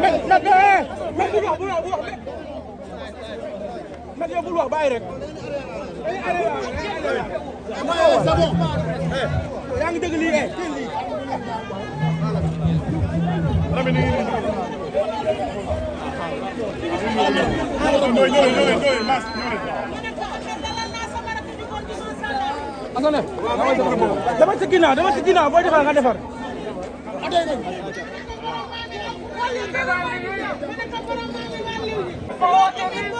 mais nag mais bu wax bu wax bu wax mais yow bul wax bàyyi rek. yaa ngi dégg lii eh teel lii. asalaamaaleykum. dama ci ginnaaw dama ci ginnaaw boo defar nga defar. doy nañ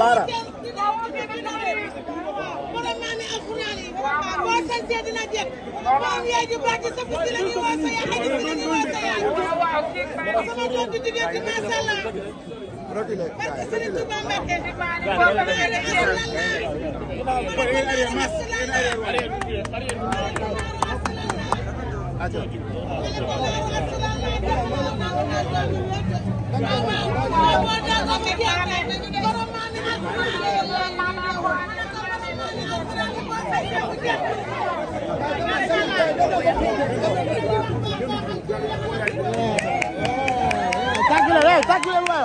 baara Thank you. Tá aqui, Léo, tá aqui, Léo.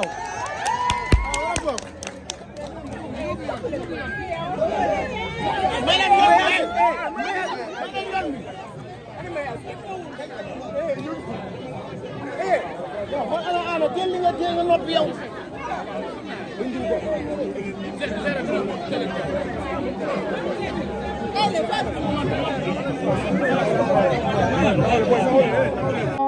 nga téye nga noppi yow. Allez,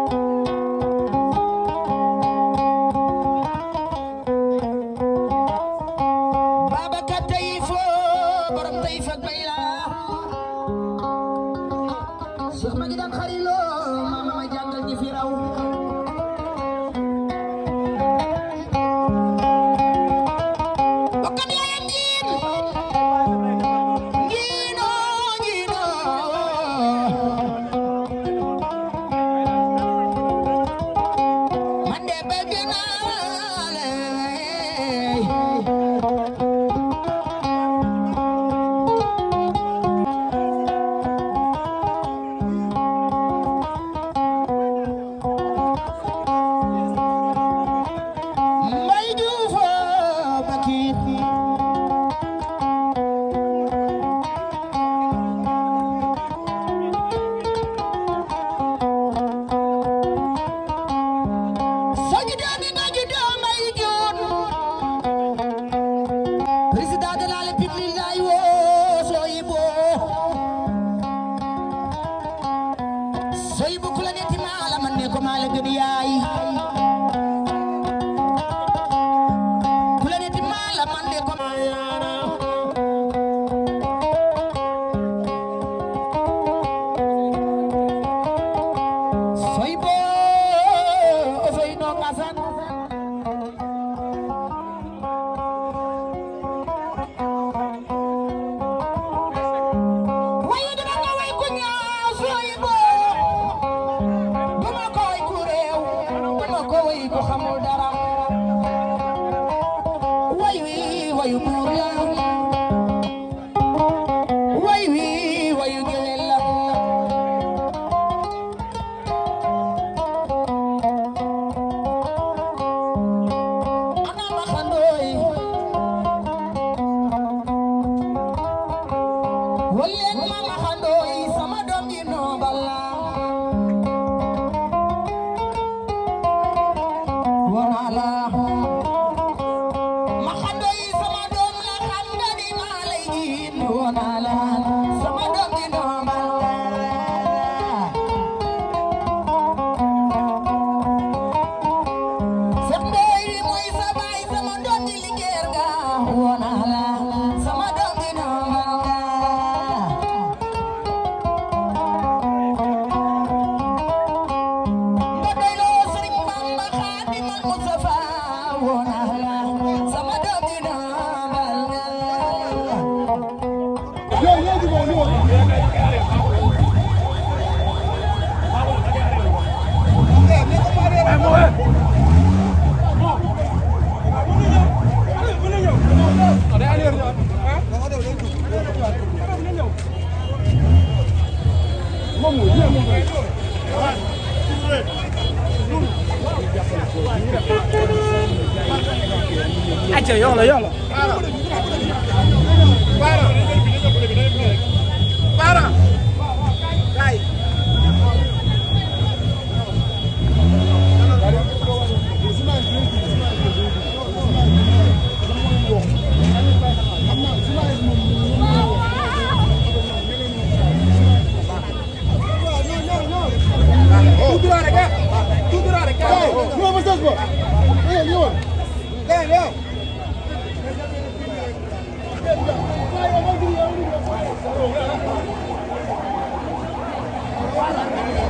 yor la yor la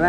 ไปไป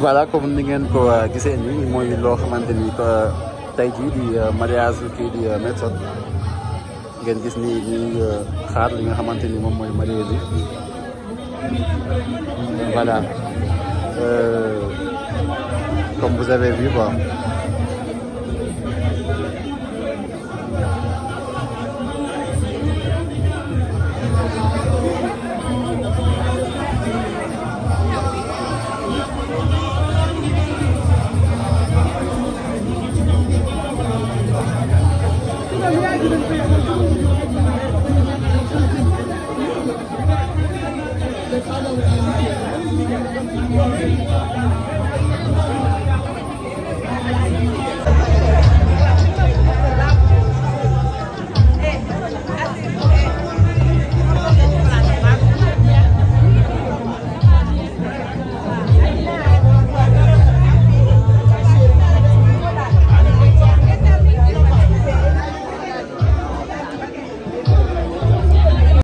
voilà comme ni ngeen ko euh, gisee nii mooy loo xamante ni tey jii di euh, mariage kii di euh, Met ngeen gis ni xaar li nga xamante ni moom mooy marié bi voilà comme vous avez vu quoi.